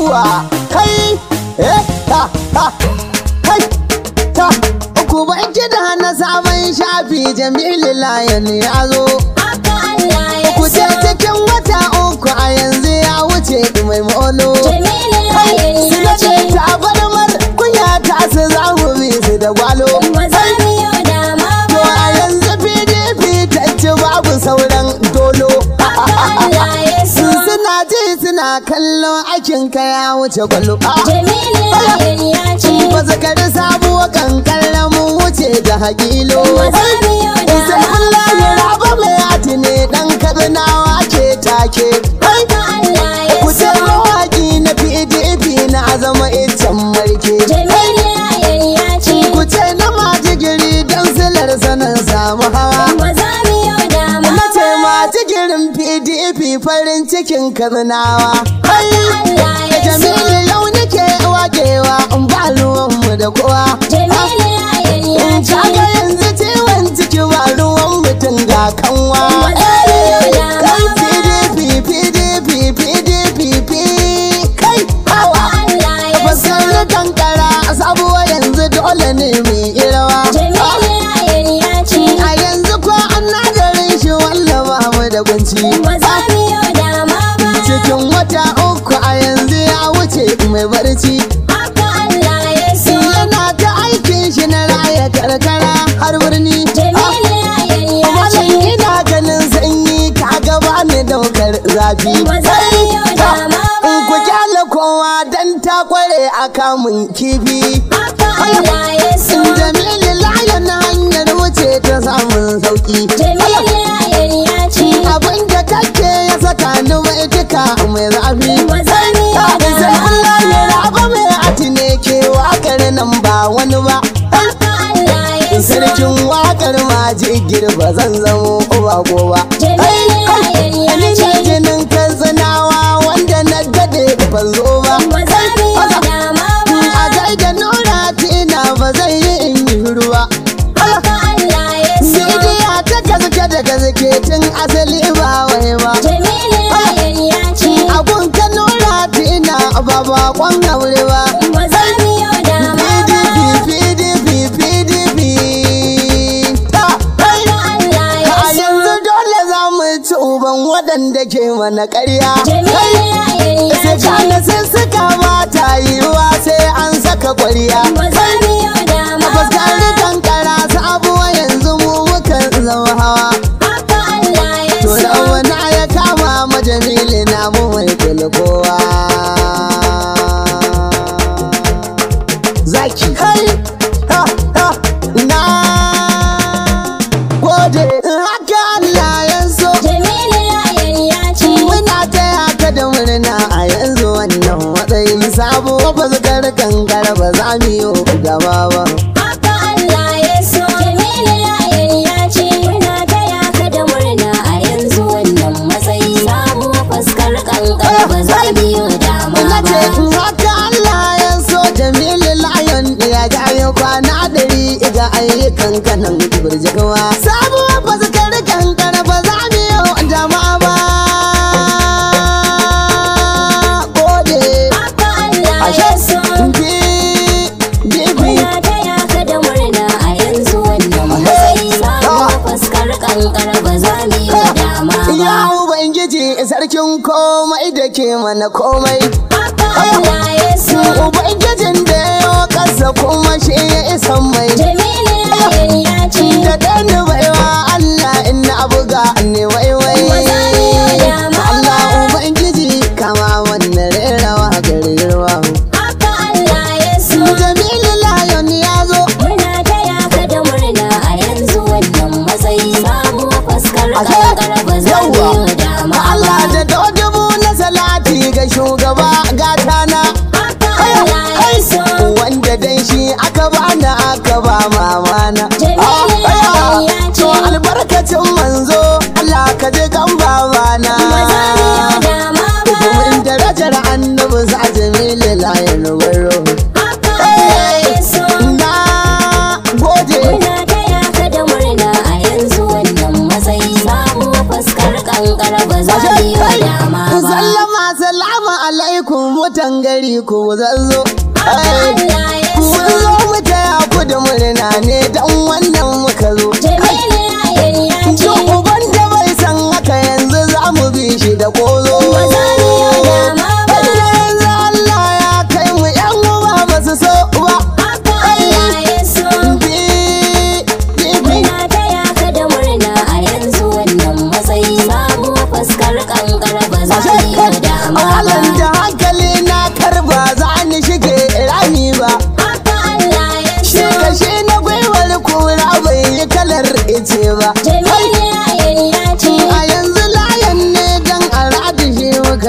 yawa kai eh ta ta kai ta uku ba da na sabon shafi jami'il layan ya zo ku ce cikin wata uku a yanzu ya wuce mai molo kai suna ce tabarmar kunya ta su za bi su da gwalo na kallon akin ka ya wuce kwalba ah. jamilu ah. ya ce ba da sabuwa kan kallon mu wuce da hakilo kaznawa da jamilu yau nake wagewa in ruwanmu da kowa kaga yanzu ciwon ciki ba ruwan mutum ga kanwa kan pdp pdp pdp kai hawa fasar kankara sabuwa yanzu dole ne mai irawa harci haka Allah ya so yana ta aikin shi na raya karkara har birni Malam ina ganin sanyi ka gaba ni daukar zafi in ku kyale kowa dan ta kware a kamun kifi haka Allah ya so Jamilu layan hanyar wuce ta samun sauki Jamilu layan ya ce abin da take ya saka ni mai duka mai zafi A wani ba sarkin watar ma ba zan zamo uba ko ba yawan waɗanda ke mana ƙarya sai kana sun suka ba ta sai an saka ƙwarya fuskar kankara sabuwa yanzu mu mukan zama hawa to da wani ya kama majalili na mu mai kowa kanan ibir jagawa sabuwa ba su kare kankana ba za mu yi jama'a ba gode muna ka a yanzu wannan matsayi sabuwa ba za mu yi dama ba ya ubangiji sarkin komai da ke mana komai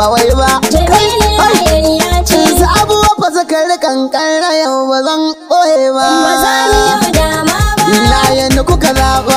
ba wai ba sabuwa fa zakar kankan yau ba zan ɓoye ba na yanni kuka zaɓa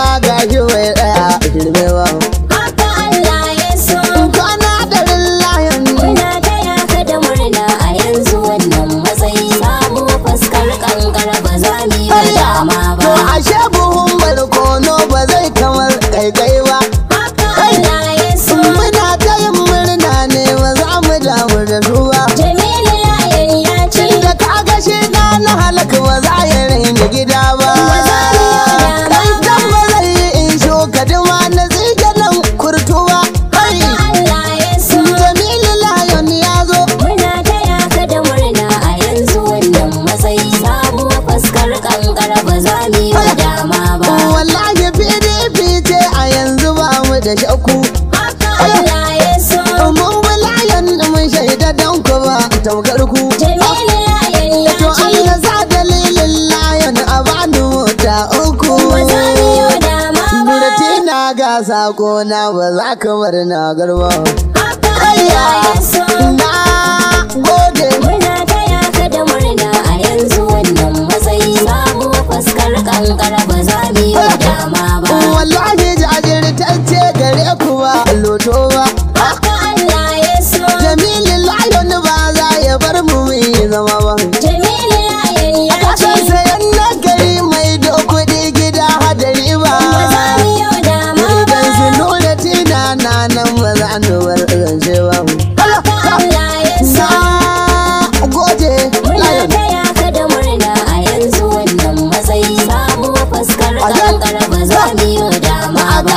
gona ba za ka bar na garba.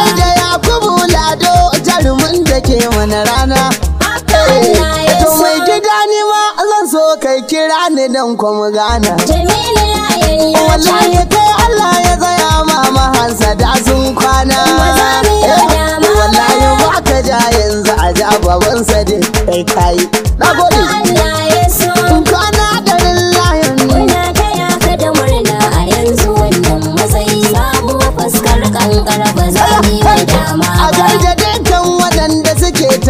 da ya kubu Lado jarumin da ke mana rana. Eh, to mai gida ni ma zan so kai kira ni don kuma gana. Eh, wallahi kai Allah ya zaya ma mahansa da sun kwana. Eh, wallahi ba ka ja yanzu a ja babansa kai kayi. Na gode.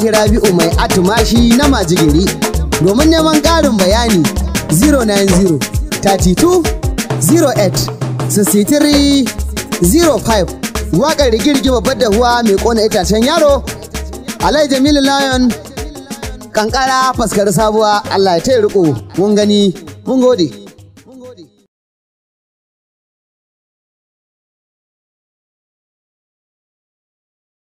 Abdullahi Rabi'u mai atumashi na Majigiri. Domin neman ƙarin bayani 090 32 08 63 05 waƙar rigirgi babbar dahuwa mai ƙona itacen yaro Alai Jamilu Lion kankara faskar sabuwa Allah ya taya riko mun gani mun gode